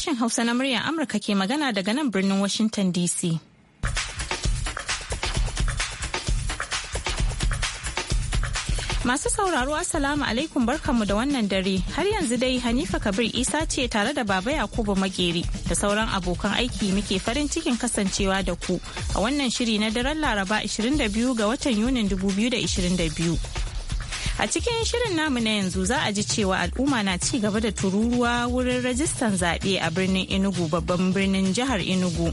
Sashen Hausa na muryar Amurka ke magana daga nan birnin Washington DC. Masu sauraro Assalamu alaikum barkanmu da wannan dare. Har yanzu dai Hanifa Kabir Isa ce tare da Baba Yakubu Magere da sauran abokan aiki muke farin cikin kasancewa da ku a wannan shiri na daren Laraba 22 ga watan Yunin 2022. A cikin shirin namu na yanzu za a ji cewa al'umma na ci gaba da tururuwa wurin rajistan zaɓe a birnin Enugu babban birnin jihar Enugu.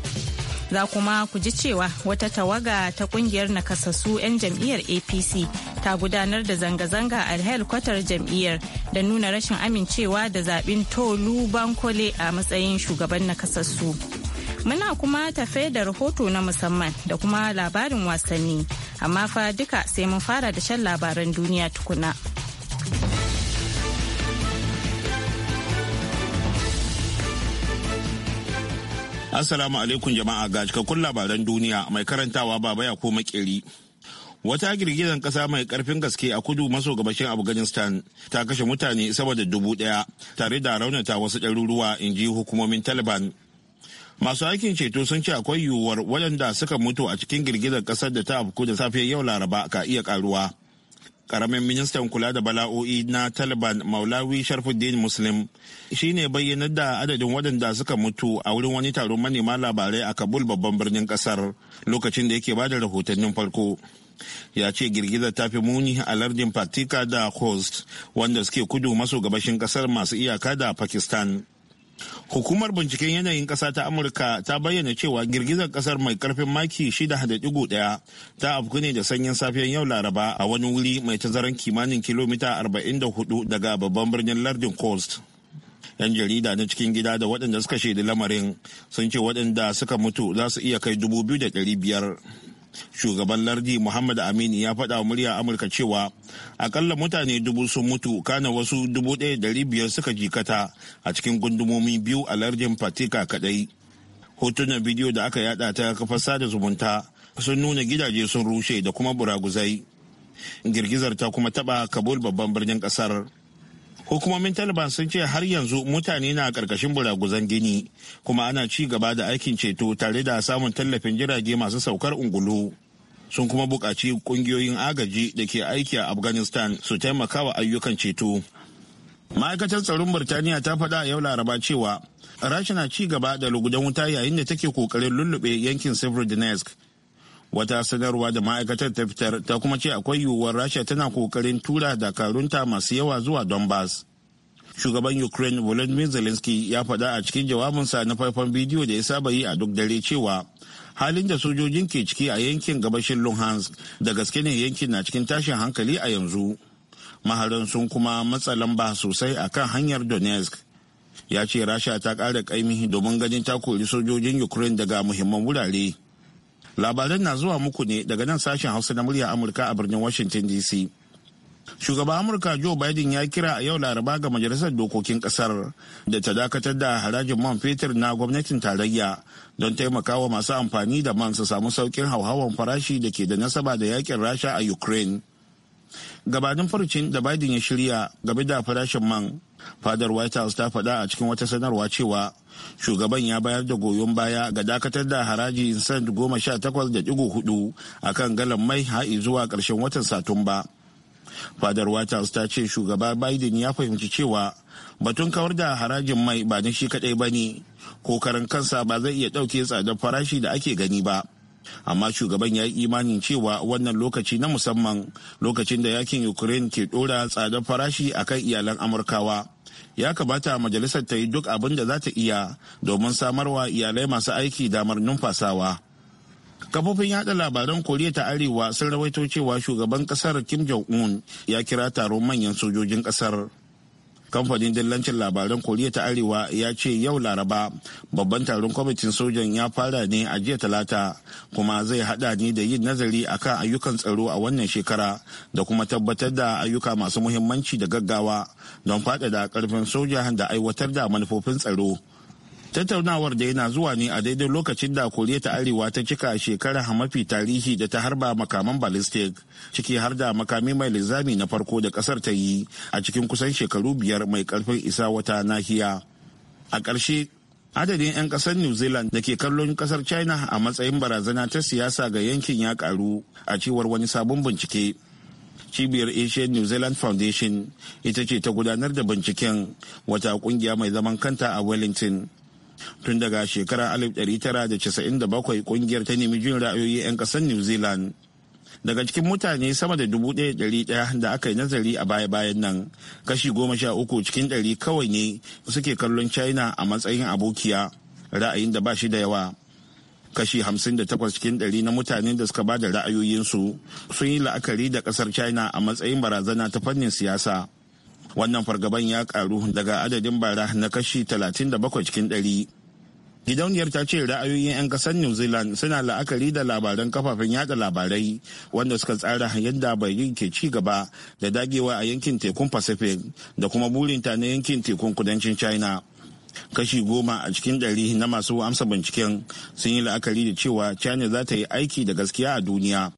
Za kuma ku ji cewa wata tawaga ta kungiyar nakasassu 'yan jam'iyyar APC ta gudanar da zanga-zanga a helkwatar jam'iyyar da nuna rashin amincewa da zaɓin Tolu Bankole a matsayin shugaban nakasassu. Muna kuma tafe da rahoto na musamman da kuma labarin wasanni. amma fa duka sai mun fara da shan labaran duniya tukuna. Assalamu alaikum jama'a ga cikakkun labaran duniya mai karantawa baba ya ko makeri. Wata girgizar kasa mai karfin gaske a kudu maso gabashin Afghanistan ta kashe mutane saboda dubu daya tare da raunata wasu ɗaruruwa in ji hukumomin Taliban. masu aikin ceto sun ce akwai yiwuwar waɗanda suka mutu a cikin girgizar ƙasar da ta afku da safe yau laraba ka iya karuwa karamin ministan kula da bala'o'i na taliban maulawi sharfuddin muslim shine bayyanar da adadin waɗanda suka mutu a wurin wani taron manema labarai a kabul babban birnin ƙasar lokacin da yake bada rahotannin farko ya ce girgizar ta fi muni a lardin patika da khost wanda suke kudu maso gabashin ƙasar masu iyaka da pakistan Hukumar binciken yanayin ƙasa ta Amurka ta bayyana cewa girgizar ƙasar mai karfin maki 6.1 ta afku ne da sanyin safiyar yau Laraba a wani wuri mai tazaran kimanin kilomita 44 daga babban birnin lardin Coast. 'Yan jarida na cikin gida da waɗanda suka shaidi lamarin sun ce waɗanda suka mutu za su iya kai 2,500. shugaban lardi muhammad amin ya faɗa murya amurka cewa akalla mutane dubu sun mutu kana wasu dubu ɗaya dari biyar suka jikata a cikin gundumomi biyu a lardin fatika kaɗai hotunan bidiyo da aka yada ta kafar sada zumunta sun nuna gidaje sun rushe da kuma buraguzai girgizar ta kuma taɓa kabul babban birnin ƙasar hukumomin taliban sun ce har yanzu mutane na karkashin buraguzan gini kuma ana ci gaba da aikin ceto tare da samun tallafin jirage masu saukar ungulu sun kuma buƙaci ƙungiyoyin agaji da ke aiki a afghanistan su taimaka wa ayyukan ceto ma'aikatar tsaron birtaniya ta faɗa yau laraba cewa rasha na ci gaba da lugudan wuta yayin da take ƙoƙarin lullube yankin severodonetsk wata sanarwa da ma'aikatar ta fitar ta kuma ce akwai yiwuwar rasha tana kokarin tura dakarunta masu yawa zuwa donbass shugaban ukraine volodymyr zelensky ya faɗa a cikin jawabinsa na faifan bidiyo da ya saba yi a duk dare cewa halin da sojojin ke ciki a yankin gabashin luhansk da gaske ne yankin na cikin tashin hankali a yanzu maharan sun kuma matsa lamba sosai a kan hanyar donetsk ya ce rasha ta ƙara ƙaimi domin ganin ta kori sojojin ukraine daga muhimman wurare labaran na zuwa muku ne daga nan sashen hausa na murya amurka a birnin washington dc shugaban amurka joe biden ya kira a yau laraba ga majalisar dokokin kasar da ta dakatar da harajin man fetur na gwamnatin tarayya don taimakawa masu amfani da man su samu saukin hauhawan farashi da ke da nasaba da yakin rasha a ukraine gabanin farcin da biden ya shirya game da farashin man fadar white house ta faɗa a cikin wata sanarwa cewa shugaban ya bayar da goyon baya ga dakatar da haraji cent goma sha takwas da digo hudu a kan galan mai ha'i zuwa ƙarshen watan satumba fadar white house ta ce shugaba biden ya fahimci cewa batun kawar da harajin mai ba na shi kaɗai ba ne ko karan kansa ba zai iya ɗauke tsadar farashi da ake gani ba amma shugaban ya yi imanin cewa wannan lokaci na musamman lokacin da yakin ukraine ke dora tsadar farashi a kan iyalan amurkawa ya kamata majalisar ta yi duk abin da za ta iya domin samarwa iyalai masu aiki damar numfasawa kafofin yada labaran koriya ta arewa sun rawaito cewa shugaban kasar kim jong un ya kira taron manyan sojojin kasar kamfanin dillancin labaran koriya ta arewa ya ce yau laraba babban taron kwamitin sojan ya fara ne a jiya talata kuma zai hada ne da yin nazari a kan ayyukan tsaro a wannan shekara da kuma tabbatar da ayyuka masu muhimmanci da gaggawa don faɗaɗa ƙarfin sojan da aiwatar da manufofin tsaro tattaunawar da yana zuwa ne a daidai lokacin da koriya ta arewa ta cika shekara mafi tarihi da ta harba makaman ballistic ciki har da makami mai linzami na farko da kasar ta yi a cikin kusan shekaru biyar mai karfin isa wata nahiya a ƙarshe adadin 'yan ƙasar new zealand da ke kallon ƙasar china a matsayin barazana ta siyasa ga yankin ya ƙaru a cewar wani sabon bincike cibiyar asian new zealand foundation ita ce ta gudanar da binciken wata kungiya mai zaman kanta a wellington tun daga shekarar 1997 kungiyar ta nemi jin ra'ayoyi 'yan kasar new zealand daga cikin mutane sama da 1,100 da aka yi nazari a baya-bayan nan kashi 13 cikin 100 kawai ne suke kallon china a matsayin abokiya ra'ayin da ba shi da yawa kashi 58 cikin 100 na mutanen da suka ba da ra'ayoyinsu sun yi la'akari da kasar china a matsayin barazana ta fannin siyasa wannan fargaban ya karu daga adadin bara na kashi 37 cikin 100 gidauniyar ta ce ra'ayoyin 'yan kasar new zealand suna la'akari da labaran kafafen yada labarai wanda suka tsara yadda bayan ke ci gaba da dagewa a yankin tekun pacific da kuma burinta na yankin tekun kudancin china kashi goma a cikin ɗari na masu amsa binciken sun yi la'akari da cewa china za ta yi aiki da gaskiya a duniya.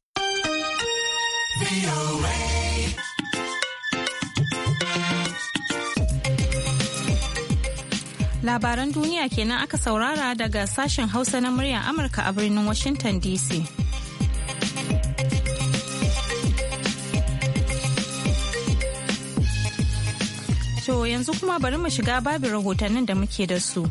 Labaran duniya kenan aka saurara daga sashen Hausa na muryar Amurka a birnin Washington DC. To yanzu kuma bari mu shiga babin rahotannin da muke da su.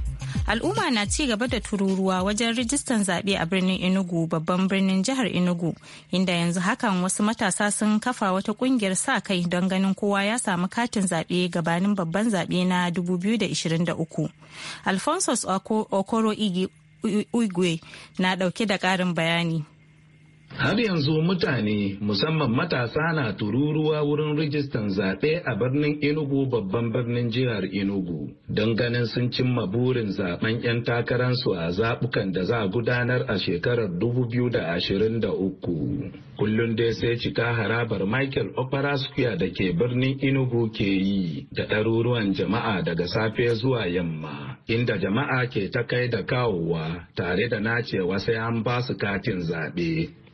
al'umma na ci gaba da tururuwa wajen rijistan zaɓe a birnin inugu babban birnin jihar Enugu inda yanzu hakan wasu matasa sun kafa wata kungiyar sa kai don ganin kowa ya samu katin zaɓe gabanin babban zaɓe na 2023. alfonso Okoro Igwe na ɗauke da ƙarin bayani. Har yanzu mutane musamman matasa na tururuwa wurin rijistan zaɓe a birnin Enugu babban birnin jihar Enugu don ganin sun cimma burin zaɓen 'yan takararsu a zaɓukan da za a gudanar a shekarar 2023. kullum dai sai cika harabar michael opera square da ke birnin inugu ke yi da ɗaruruwan jama'a daga safe zuwa yamma inda jama'a ke ta kai da kawowa tare da nacewa sai an ba su katin zaɓe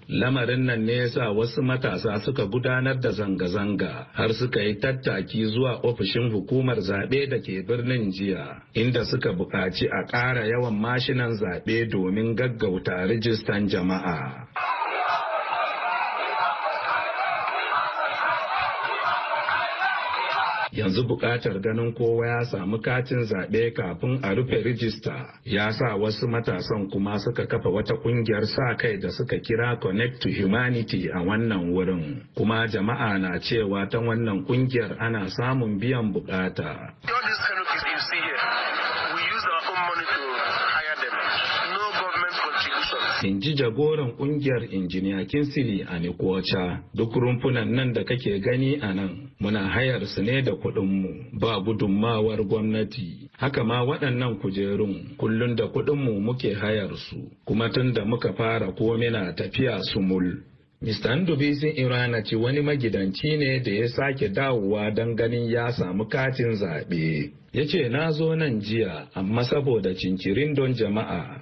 lamarin nan ne yasa wasu matasa suka gudanar da zanga-zanga har suka yi tattaki zuwa ofishin hukumar zaɓe da ke birnin jiya inda suka buƙaci a ƙara yawan mashinan zaɓe domin gaggauta rijistan jama'a yanzu buƙatar ganin kowa ya samu katin zaɓe kafin a rufe rijista ya sa wasu matasan kuma suka kafa wata ƙungiyar sa kai da suka kira connect to humanity a wannan wurin kuma jama'a na cewa ta wannan ƙungiyar ana samun biyan buƙata. in ji jagoran kungiyar injiniya kinsili a nikocha duk rumfunan nan da kake gani a nan muna hayar su ne da kuɗinmu ba gudummawar gwamnati haka ma waɗannan kujerun kullum da kuɗinmu muke hayar su kuma tun da muka fara komi na tafiya mul Mr. Ndubisi Irana ci wani magidanci ne da ya sake dawowa don ganin ya samu katin zaɓe. Ya ce, Na zo nan jiya, amma saboda cinkirin don jama'a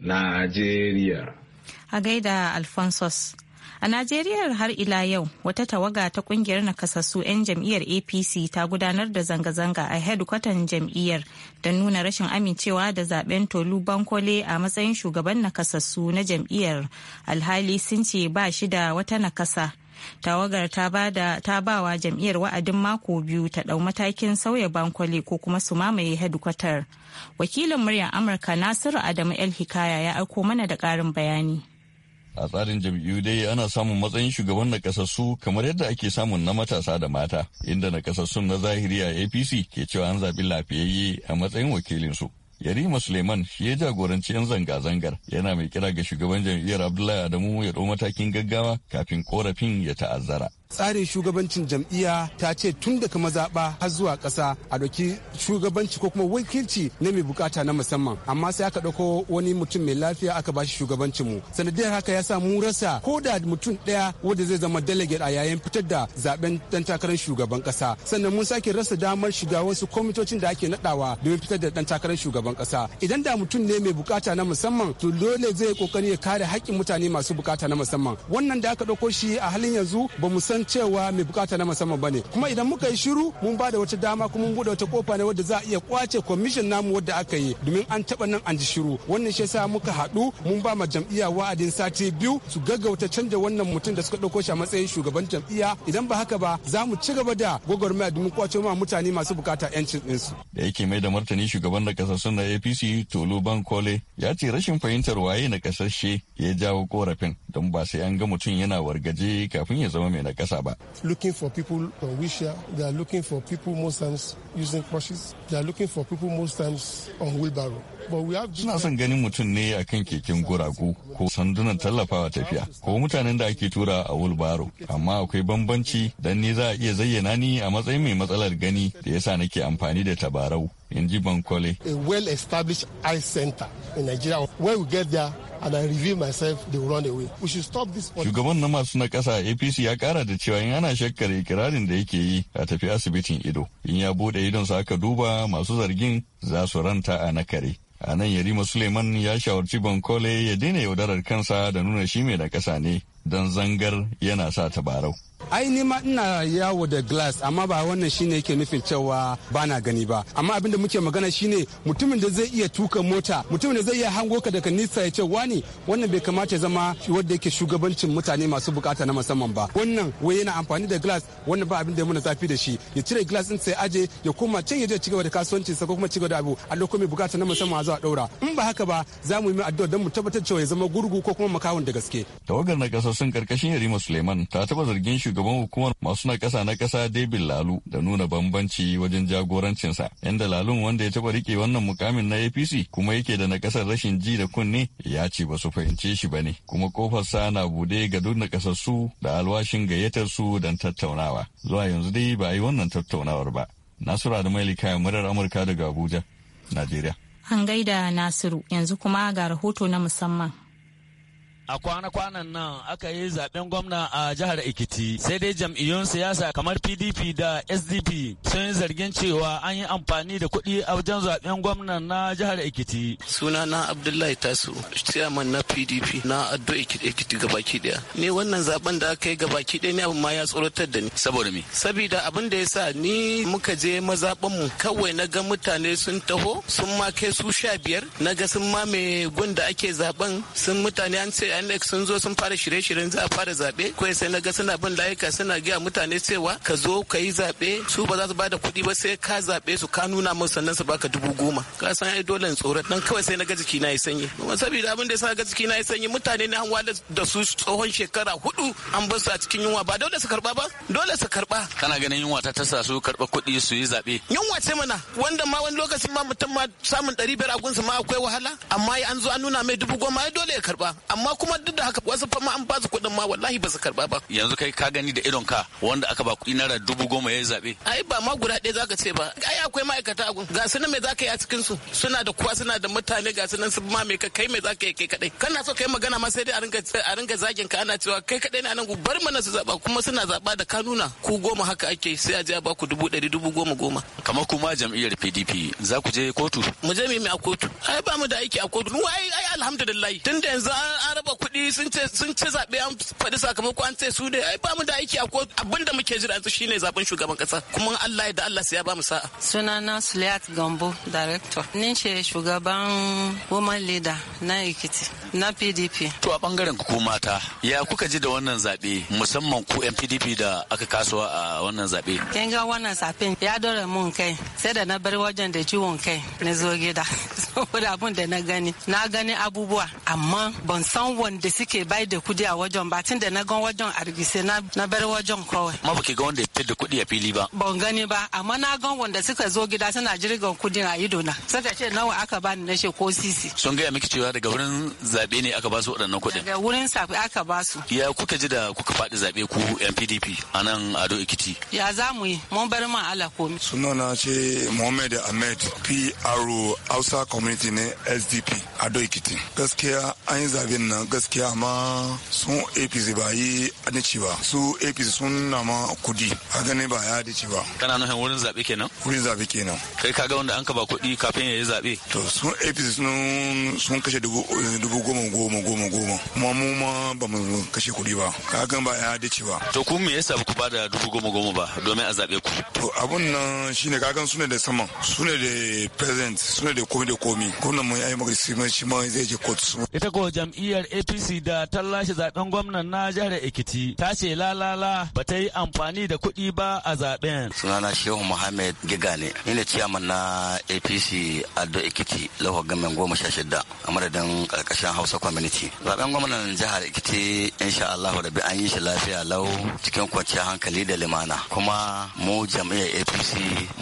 Najeriya. A gaida alfonsos A Najeriya har ila yau wata tawaga ta kungiyar nakasassu 'yan jam'iyyar APC ta gudanar da zanga-zanga a hedkwatan jam'iyyar don nuna rashin amincewa da zaben Tolu Bankole a matsayin shugaban nakasassu na jam'iyyar alhali sun ce ba shi da wata nakasa tawagar ta ba wa jam'iyyar wa'adin mako biyu ta ɗau matakin sauya bankwale ko kuma su mamaye hedkwatar wakilin muryar amurka nasiru adamu el hikaya ya aiko mana da ƙarin bayani a tsarin jam'iyyu dai ana samun matsayin shugaban nakasassu kamar yadda ake samun na matasa da mata inda nakasassun na zahiri a apc ke cewa an zaɓi lafiyayye a matsayin wakilinsu Yarima Suleiman shi ya jagoranci 'yan zanga-zangar yana mai kira ga shugaban jam'iyyar Abdullahi Adamu ya ɗau matakin gaggawa kafin korafin ya ta'azzara. tsarin shugabancin jam'iyya ta ce tun daga mazaɓa har zuwa ƙasa a ɗauki shugabanci ko kuma wakilci na mai bukata na musamman amma sai aka ɗauko wani mutum mai lafiya aka bashi shugabancin mu sanadiyar haka ya sa mu rasa ko da mutum ɗaya wanda zai zama delegate a yayin fitar da zaben dan takarar shugaban ƙasa sannan mun sake rasa damar shiga wasu kwamitocin da ake naɗawa domin fitar da dan takarar shugaban ƙasa idan da mutum ne mai bukata na musamman to dole zai kokari ya kare haƙƙin mutane masu bukata na musamman wannan da aka ɗauko shi a halin yanzu ba mu san san cewa mai bukata na musamman ba ne kuma idan muka yi shiru mun ba da wata dama kuma mun bude wata kofa ne wadda za a iya kwace kwamishin namu wadda aka yi domin an taba nan an ji shiru wannan shi yasa muka haɗu mun ba ma jam'iyya wa'adin sati biyu su gaggauta canja wannan mutum da suka ɗauko shi a matsayin shugaban jam'iyya idan ba haka ba za mu ci gaba da gwagwarmaya domin kwace ma mutane masu bukata 'yancin ɗinsu. da yake mai da martani shugaban da kasar na apc tolu bankole ya ce rashin fahimtar waye na kasashe ya jawo korafin don ba sai an ga mutum yana wargaje kafin ya zama mai na ƙasa ba. Looking for people from Wisha, they are looking for people most times using crushes, they are looking for people most times on wheelbarrow. Suna son ganin mutum ne a kan keken guragu ko sandunan tallafawa tafiya ko mutanen da ake tura a wulbaro amma akwai bambanci don ni za a iya zayyana ni a matsayin mai matsalar gani da yasa nake amfani da tabarau in ji Bankole. A well-established eye center in Nigeria. where we get there, and I reveal myself, they will run away. We should stop this. Shugaban na masu na ƙasa APC ya ƙara da cewa in ana shakkar ikirarin da yake yi a tafi asibitin ido. In ya buɗe idon sa aka duba masu zargin za su ranta a na kare. A nan Yarima Suleiman ya shawarci Bankole ya daina yaudarar kansa da nuna shi mai da ƙasa ne don zangar yana sa tabarau. ai ni ma ina yawo da glass amma ba wannan shine yake nufin cewa ba na gani ba amma abinda muke magana shine mutumin da zai iya tuka mota mutumin da zai iya hango ka daga nisa ya ce wani wannan bai kamata ya zama wanda yake shugabancin mutane masu bukata na musamman ba wannan wai yana amfani da glass wannan ba abinda ya muna zafi da shi ya cire glass din sai aje ya koma can ya je gaba da kasuwancin sa ko kuma gaba da abu a lokacin bukata na musamman a zo a daura in ba haka ba za mu yi addu'a don mu tabbatar cewa ya zama gurgu ko kuma makawun da gaske tawagar na sun karkashin yarima suleiman ta taba zargin shi shugaban hukumar masu na ƙasa na kasa David Lalu da nuna bambanci wajen jagorancinsa. Inda Lalun wanda ya taɓa rike wannan mukamin na APC kuma yake da na ƙasar rashin ji da kunne ya ce ba su fahimce shi ba ne. Kuma kofarsa na bude ga duk na kasassu da alwashin gayyatar su don tattaunawa. Zuwa yanzu dai ba a yi wannan tattaunawar ba. Nasura da Mailika murar Amurka daga Abuja, Najeriya. An gaida Nasiru yanzu kuma ga rahoto na musamman. a kwana-kwanan nan aka yi zaben gwamna a jihar Ekiti sai dai jam'iyyun siyasa kamar PDP da SDP sun yi zargin cewa an yi amfani da kuɗi a wajen zaben gwamnan na jihar Ekiti. Suna na Abdullahi Tasu, chairman na PDP na Addo Ekiti gabaki daya. Ni wannan zaben da aka yi gabaki daya ni abin ma ya tsoratar da ni. Saboda me? Saboda abin da ya sa ni muka je mazaɓan mu kawai na ga mutane sun taho sun ma kai su sha biyar na ga sun mame gun da ake zaben sun mutane an ce bayan inec sun zo sun fara shirye-shiryen za a fara zaɓe ko sai na ga suna bin layuka suna gaya mutane cewa ka zo ka yi zaɓe su ba za su bada kuɗi ba sai ka zaɓe su ka nuna musu sannan su baka dubu goma ka san ai dole in tsoro dan kawai sai na ga jiki na yi sanyi kuma saboda abin da ya sa ga jiki na yi sanyi mutane ne an wada da su tsohon shekara hudu an bar su a cikin yunwa ba dole su karba ba dole su karba kana ganin yunwa ta tasa su karba kuɗi su yi zaɓe yunwa ce mana wanda ma wani lokacin ma mutum ma samun ɗari biyar a gunsa ma akwai wahala amma an zo an nuna mai dubu goma ai dole ya karba amma kuma kuma duk da haka wasu fama an ba su kuɗin ma wallahi ba su karba ba yanzu kai ka gani da idon ka wanda aka ba kuɗi naira dubu goma ya yi zaɓe. ai ba ma guda ɗaya zaka ce ba ai akwai ma'aikata a gun ga su me zaka yi a cikin su suna da kuwa suna da mutane ga su nan su ma me ka kai me zaka yi kai kadai kana so kai magana ma sai dai a ringa a ringa zagin ka ana cewa kai kaɗai ne a nan ku bar mana su zaba kuma suna zaba da kanuna ku goma haka ake sai a je a ba ku dubu ɗari dubu goma goma kamar kuma jam'iyyar PDP za ku je kotu mu je mu a kotu ai ba mu da aiki a kotu mu ai ai alhamdulillah da yanzu an raba kuɗi sun ce zaɓe an faɗi sakamako an ce su ne ai ba mu da aiki a ko abin da muke jira yanzu shine zaben shugaban kasa kuma Allah ya da Allah sai ya ba mu sa'a sunana Suliat Gambo director ni ce shugaban woman leader na Ekiti na PDP to a bangaren ku mata ya kuka ji da wannan zaɓe musamman ku yan PDP da aka kasuwa a wannan zaɓe kin ga wannan zaɓen ya dora mun kai sai da na bar wajen da ciwon kai na zo gida saboda abin da na gani na gani abubuwa amma ban san abubuwan da suke bai da kudi a wajen ba tun da na gan wajen a rigise na bar wajen kawai. Ma ba ki ga wanda ya da kudi a fili ba. Ban gani ba amma na gan wanda suka zo gida suna jirgin kudin a ido na. Suka ce nawa aka ni na she ko sisi. Sun gaya miki cewa daga wurin zaɓe ne aka ba su waɗannan kudin. Daga wurin safi aka ba su. Ya kuka ji da kuka faɗi zabe ku yan PDP a nan Ado Ekiti. Ya za mu yi mun bar ma ala komi. Sunana ce Muhammad Ahmed PRO Hausa Community ne SDP Ado Ekiti. Gaskiya an yi zaɓen nan gaskiya ma sun apc ba yi ci ba su apc sun na ma kudi a gane ba ya adaci ba kana nufin wurin zaɓe kenan wurin zaɓe kenan kai ka ga wanda an kaba kudi kafin ya yi zaɓe to sun apc sun kashe dubu goma goma goma goma kuma mu ma ba mu kashe kudi ba ka gan ba ya ci ba to kun me yasa ku ba da dubu goma goma ba domin a zaɓe ku to abun nan shine ka gan sune da saman sune da president sune da komi da komi gwamnan mu ya yi magana shi ma zai je kotu ita ko jam'iyyar apc da ta zaben gwamnan na jihar ekiti ta ce lalala ba ta yi amfani da kuɗi ba a zaben sunana shehu muhammad giga ne ni ne ciyaman na apc addo ekiti lawa gamen goma sha shida a madadin karkashin hausa community zaben gwamnan jihar ekiti insha allah da bi an yi shi lafiya lau cikin kwanciyar hankali da limana kuma mu jam'iyyar apc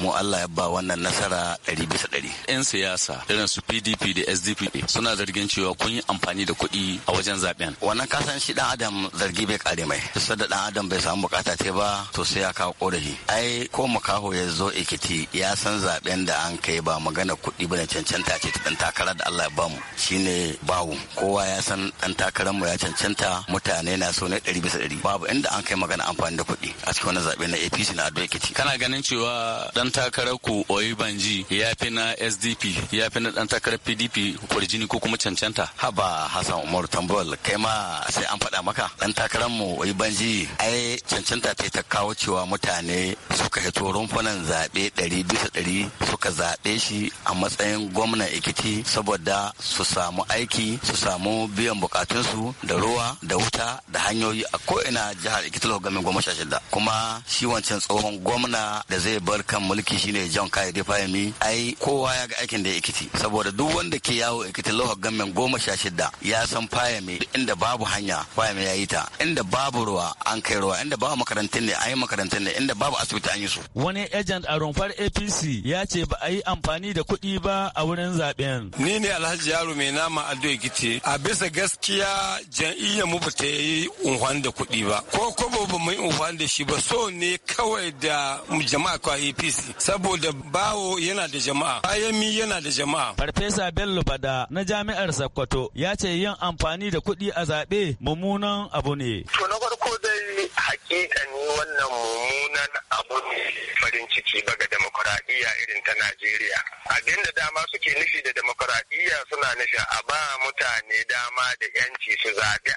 mu allah ya ba wannan nasara ɗari bisa ɗari yan siyasa irin su pdp da sdp suna zargin cewa kun yi amfani da kuɗi a wajen zaben wannan kasan shi dan adam zargi bai kare mai sai da dan adam bai samu bukata ta ba to sai ya kawo korafi ai ko makaho ya zo ekiti ya san zaben da an kai ba magana kuɗi bane cancanta ce ta dan takarar da Allah ya mu shine bawu kowa ya san dan takarar mu ya cancanta mutane na so ne 100 bisa 100 babu inda an kai magana amfani da kuɗi a cikin wannan zaben na APC na Ado Ekiti kana ganin cewa dan takarar ku Oyi Banji ya fi na SDP ya fi na dan takarar PDP kurjini ko kuma cancanta haba Hassan Umar tambol kai ma sai an faɗa maka ɗan takarar mu wai banji ai cancanta ta ta kawo cewa mutane suka hito rumfunan zaɓe ɗari bisa ɗari suka zaɓe shi a matsayin gwamnan ikiti saboda su samu aiki su samu biyan bukatunsu da ruwa da wuta da hanyoyi a ko'ina jihar ikiti lokacin goma sha shida kuma shi wancan tsohon gwamna da zai bar kan mulki shine john kai da fahimi ai kowa ya ga aikin da ikiti saboda duk wanda ke yawo ikiti lokacin goma sha shida ya san fa raya mai inda babu hanya raya mai yayi ta inda babu ruwa an kai ruwa inda babu makarantun ne an yi makarantun ne inda babu asibiti an yi su. Wani agent a rumfar APC ya ce ba a yi amfani da kuɗi ba a wurin zaben. Ni ne Alhaji Yaro mai nama Ado gite. a bisa gaskiya jam'iyyar mu ba ta yi unhwan da kuɗi ba ko ko ba mu yi unhwan da shi ba so ne kawai da jama'a ko APC saboda bawo yana da jama'a ayami yana da jama'a. Farfesa Bello Bada na jami'ar Sokoto ya ce yin amfani amfani da kuɗi a zaɓe mummunan abu ne. To na farko dai hakikani wannan mummunan abu ne farin ciki ba ga demokuraɗiyya irin ta Najeriya. Abin da dama suke nufi da demokuraɗiyya suna nufin a ba mutane dama da yanci su zaɓi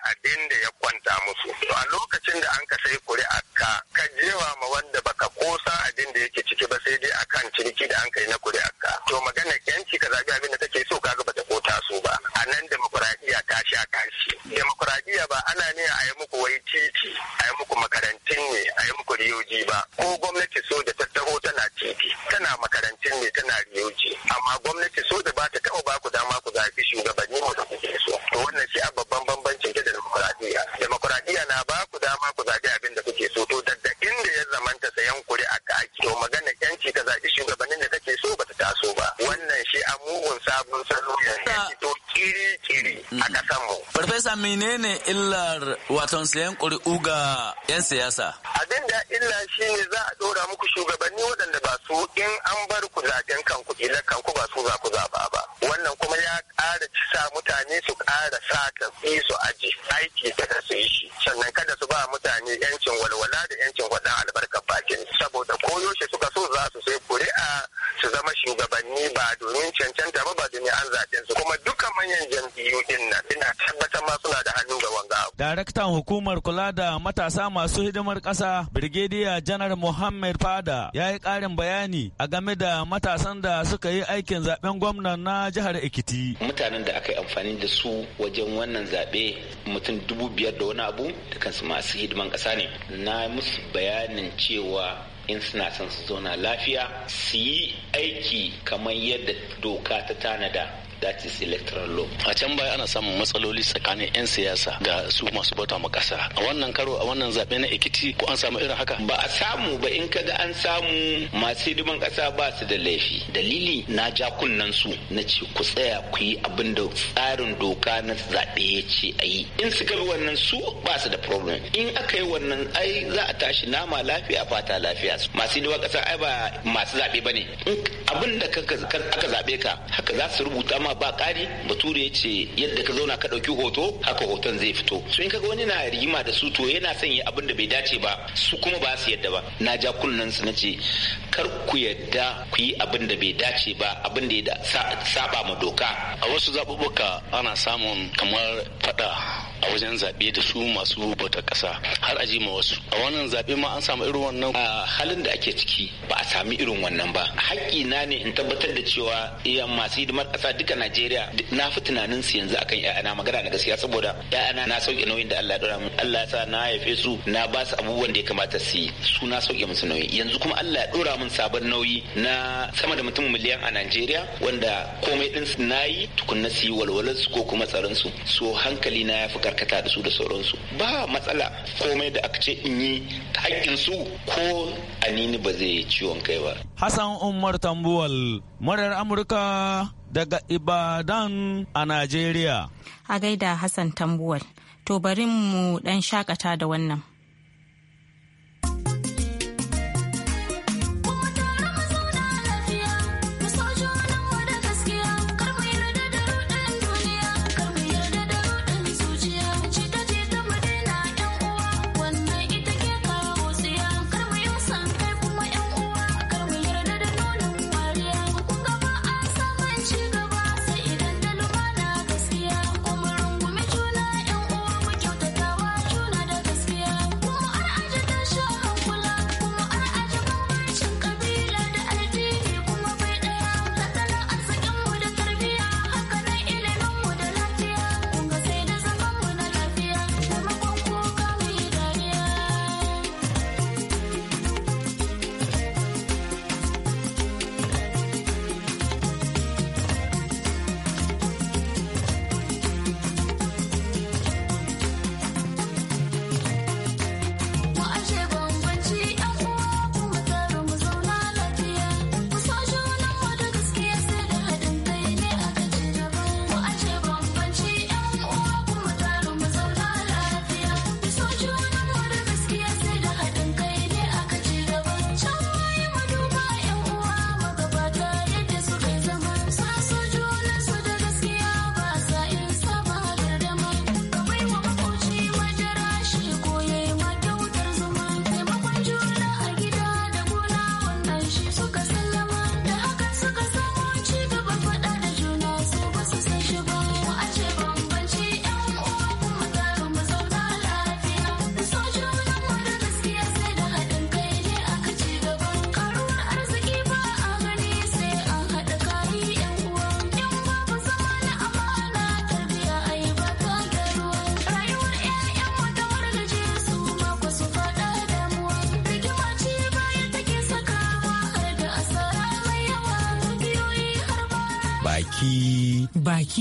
da ya kwanta musu. To a lokacin da an ka sai kuri'a ka ka jewa ma wanda baka kosa da yake ciki ba sai dai akan ciniki da an kai na kuri'a ka. To magana yanci ka zaɓi da. ya shi demokuraɗiyya ba ana ne a yi muku wai titi a yi muku makarantun ne a yi muku riyoji ba ko gwamnati so da ta taho tana titi tana makarantun menene illar waton sayan ƙuri'u ga 'yan siyasa? Abin da illa shi ne za a ɗora muku shugabanni waɗanda ba su in an bar ku zaɓen kanku ina kanku ba su za ku zaɓa ba. wannan kuma ya ƙara sa mutane su ƙara sa fi su aji aiki kada su yi shi sannan kada su ba mutane yancin walwala da yancin wadan albarkar bakin saboda koyaushe suka so za su sai kuri'a su zama shugabanni ba domin cancanta ba ba domin an zaɓe su kuma duka manyan jam'iyyu din nan ina tabbatar ma suna da hannu ga wanga. Daraktan hukumar kula da matasa masu hidimar ƙasa Birgediya Janar Muhammad Fada ya yi ƙarin bayani a game da matasan da suka yi aikin zaɓen gwamnan na jihar Ekiti. Mutanen da aka yi amfani da su wajen wannan zaɓe mutum dubu biyar da wani abu da kansu masu hidiman ƙasa ne. Na musu bayanin cewa in suna son su zauna lafiya su yi aiki kamar yadda doka ta tanada that is electoral law a can baya ana samun matsaloli tsakanin 'yan siyasa ga su masu bauta ma kasa a wannan karo a wannan zaɓe na ekiti ko an samu irin haka ba a samu ba in kaga an samu masu hidiman kasa ba su da laifi dalili na ja kunnen su na ce ku tsaya ku yi abin da tsarin doka na zaɓe ya ce a yi in su bi wannan su ba su da problem in aka yi wannan ai za a tashi nama lafiya fata lafiya masu hidiman kasa ai ba masu zaɓe ba ne abin da aka zaɓe ka haka za su rubuta ma koma ba kari bature ce yadda ka zauna ka ɗauki hoto haka hoton zai fito so in kaga wani na rigima da su to yana son yi abin da bai dace ba su kuma ba su yadda ba na ja kunnen su na ce kar ku yadda ku yi abin da bai dace ba abin da ya saba ma doka a wasu zaɓuɓɓuka ana samun kamar faɗa a wajen zaɓe da su masu bauta ƙasa har a ma wasu a wannan zaɓe ma an samu irin wannan a halin da ake ciki ba a sami irin wannan ba haƙƙi na ne in tabbatar da cewa iya masu hidimar ƙasa duka Najeriya na fi tunanin su yanzu akan ƴaƴana magana na gaskiya saboda ƴaƴana na sauke nauyin da Allah ya Allah sa na haife su na ba su abubuwan da ya kamata su yi su na sauke musu nauyi yanzu kuma Allah ya dora min sabon nauyi na sama da mutum miliyan a Najeriya wanda komai din su na yi tukunna su yi walwalar ko kuma tsaron su so hankali na ya fi karkata da su da sauransu ba matsala komai da aka ce in yi haƙƙin su ko anini ba zai ciwon kai ba hassan umar tambuwal murar amurka daga ibadan a najeriya a gaida hassan tambuwal to bari mu dan shakata da wannan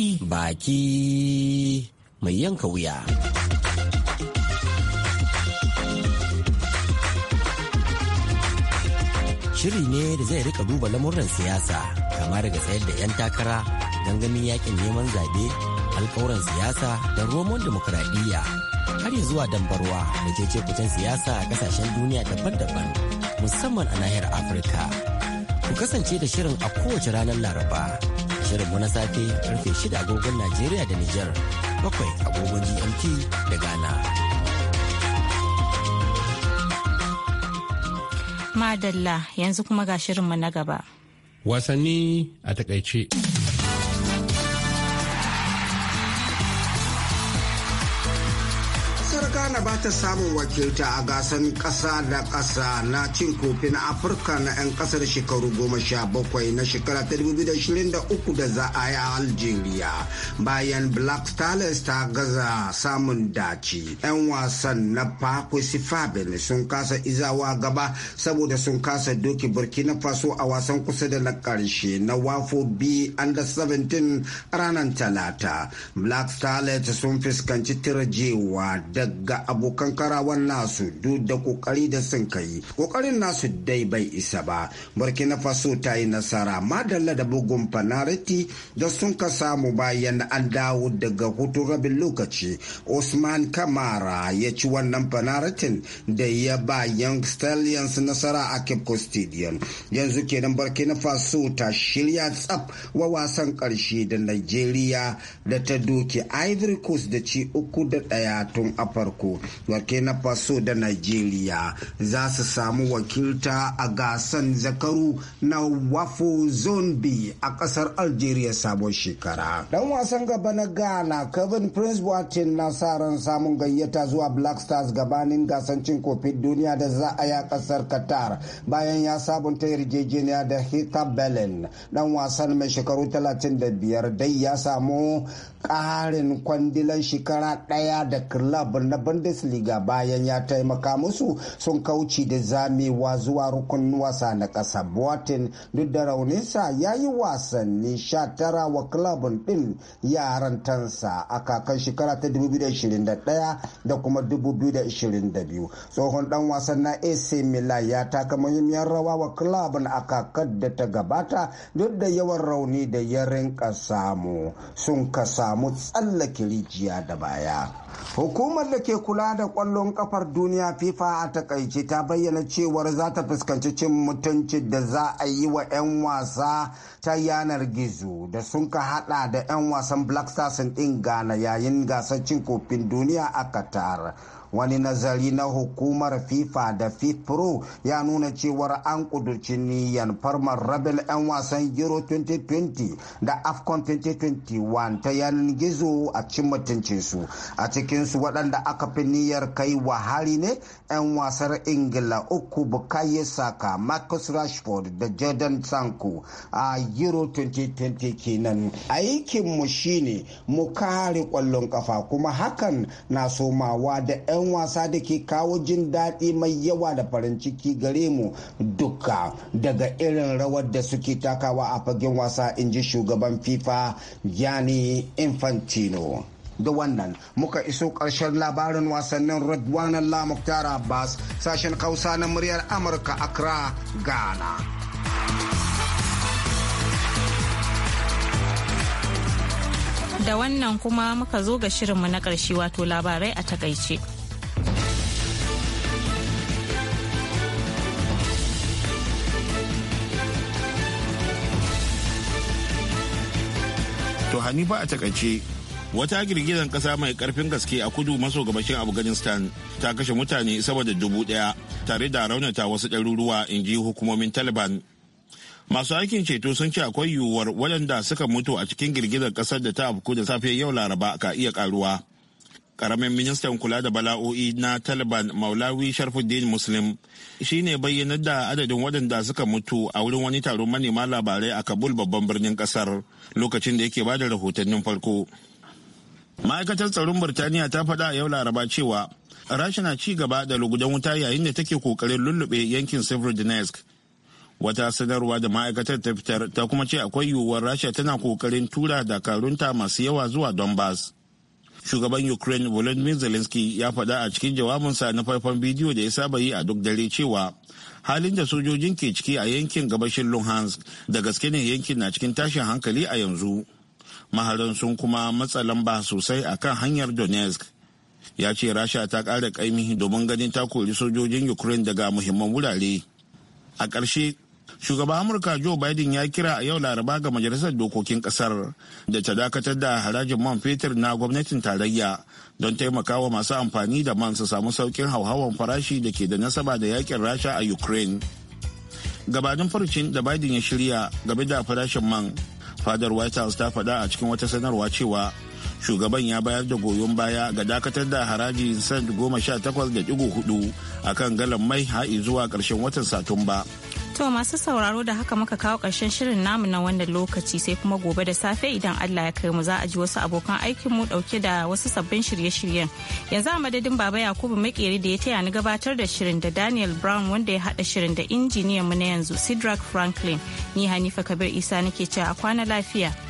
baki baki mai yanka wuya shiri ne da zai rika duba lamuran siyasa kama daga tsayar da 'yan takara gangamin yakin neman zaɓe alkawuran siyasa da romon demokuraɗiyya har ya zuwa dambarwa da ce siyasa a ƙasashen duniya daban-daban musamman a nahiyar afirka ku kasance da shirin a kowace ranar laraba shirinmu na safe karfe shida agogon Najeriya da Nijar, bakwai agogon GMT da Ghana. Madalla yanzu kuma ga shirin mu na gaba. Wasanni a takaice. ta samun wakilta a gasan kasa da kasa na cin kofin afirka na 'yan kasar shekaru goma sha bakwai na shekara ta 2023 da za a yi a algeria bayan black stars ta gaza samun daci 'yan wasan na pakwisifaben sun kasa izawa gaba saboda sun kasa doki burkina faso a wasan kusa da na ƙarshe na wafo b under 17 ranar talata black stars sun fuskanci tirajewa daga abu abokan karawan nasu duk da kokari da sun kai kokarin nasu dai bai isa ba burkina faso ta yi nasara ma da bugun fanariti da sun ka samu bayan an dawo daga hutun rabin lokaci osman kamara ya ci wannan fanaritin da ya ba young stallions nasara a cape coast stadium yanzu kenan burkina faso ta shirya tsaf wa wasan karshe da nigeria da ta doke ivory coast da ci uku da ɗaya tun a farko na faso da nigeria za su samu wakilta a gasan zakaru na wafo zone b a kasar algeria sabon shekara dan wasan gaba na ghana kevin prince watin na sa ran samun gayyata zuwa black stars gabanin gasan cin kofin duniya da za a ya kasar qatar bayan ya sabunta yarjejeniya da hita belen dan wasan mai shekaru 35 dai ya samu ƙarin kwandilan shekara ɗaya da club na bundesliga liga bayan ya taimaka musu sun kauce da zamewa zuwa rukunin wasa na ƙasa. Boatin duk da rauninsa ya yi wasanni sha tara wa klabin ɗin yaran tansa a kakan shekara ta 2021 da kuma 2022. Tsohon dan wasan na AC Milan ya taka muhimmiyar rawa wa klabin a kakar da ta gabata duk da yawan rauni da ya rinka samu sun ka samu tsallake rijiya da baya. Hukumar da ke kula da kwallon kafar duniya FIFA a takaice ta bayyana cewar za ta fuskanci cin mutunci da za a yi wa 'yan wasa ta yanar gizo da sun ka hada da 'yan wasan Black Stars ɗin Ghana yayin gasar cin kofin duniya a Qatar. wani nazari na hukumar fifa da fifpro ya nuna cewar an kudurci niyan farmar rabel 'yan wasan euro 2020 da afcon 2021 ta yanar gizo a cin su a cikin su waɗanda aka fi niyyar kai wa hari ne 'yan wasar ingila uku bukaye saka marcus rashford da jordan sanko a euro 2020 kenan aikinmu shine mu kare kwallon kafa kuma hakan na somawa da 'yan dan wasa da ke kawo jin daɗi mai yawa da farin ciki gare mu duka daga irin rawar da suke takawa a fagen wasa in ji shugaban fifa gianni infantino da wannan muka iso ƙarshen labarin wasannin Radwan lamuktar Abbas sashen kausa na muryar Amurka Accra Ghana. Da wannan kuma muka zo ga shirinmu na ƙarshe wato labarai a takaice. amfani ba a takaice wata girgizar kasa mai karfin gaske a kudu maso gabashin afghanistan ta kashe mutane sama da dubu daya tare da raunata wasu ɗaruruwa in ji hukumomin taliban masu aikin ceto sun ce akwai yiwuwar waɗanda suka mutu a cikin girgizar ƙasar da ta afku da safiyar yau laraba ka iya ƙaruwa. karamin ministan kula da bala'o'i na taliban maulawi sharfuddin muslim shi ne bayyanar da adadin wadanda suka mutu a wurin wani taron manema labarai a kabul babban birnin ƙasar lokacin da yake bada rahotannin farko ma'aikatar tsaron burtaniya ta faɗa a yau laraba cewa rasha na ci gaba da lugudan wuta yayin da take kokarin lullube yankin severodonetsk wata sanarwa da ma'aikatar ta fitar ta kuma ce akwai yiwuwar rasha tana kokarin tura dakarunta masu yawa zuwa donbass Shugaban Ukraine Volodymyr Zelensky ya faɗa a cikin jawabinsa na faifan bidiyo da ya saba yi a duk dare cewa halin da sojojin ke ciki a yankin gabashin Luhansk da gaske ne yankin na cikin tashin hankali a yanzu. Maharan sun kuma matsa lamba sosai a kan hanyar Donetsk. Ya ce Rasha ta ƙara ƙaimi domin ganin ta kori sojojin Ukraine daga muhimman wurare. A ƙarshe shugaban amurka joe biden ya kira a yau laraba ga majalisar dokokin kasar da ta dakatar da harajin man fetur na gwamnatin tarayya don taimakawa masu amfani da man su samu saukin hauhawan farashi da ke da nasaba da yakin rasha a ukraine gabanin farcin da biden ya shirya game da farashin man fadar white house ta faɗa a cikin wata sanarwa cewa shugaban ya bayar da goyon baya ga dakatar da haraji cent goma sha takwas da digo hudu kan galan mai ha'i zuwa ƙarshen watan satumba. To masu sauraro da haka muka kawo ƙarshen shirin namu na wannan lokaci sai kuma gobe da safe idan Allah ya kai mu za a ji wasu abokan aikin mu dauke da wasu sabbin shirye-shiryen. Yanzu a madadin Baba Yakubu Makeri da ya taya ni gabatar da shirin da Daniel Brown wanda ya hada shirin da injiniyan mu na yanzu Sidrak Franklin. Ni Hanifa Kabir Isa nake cewa a kwana lafiya.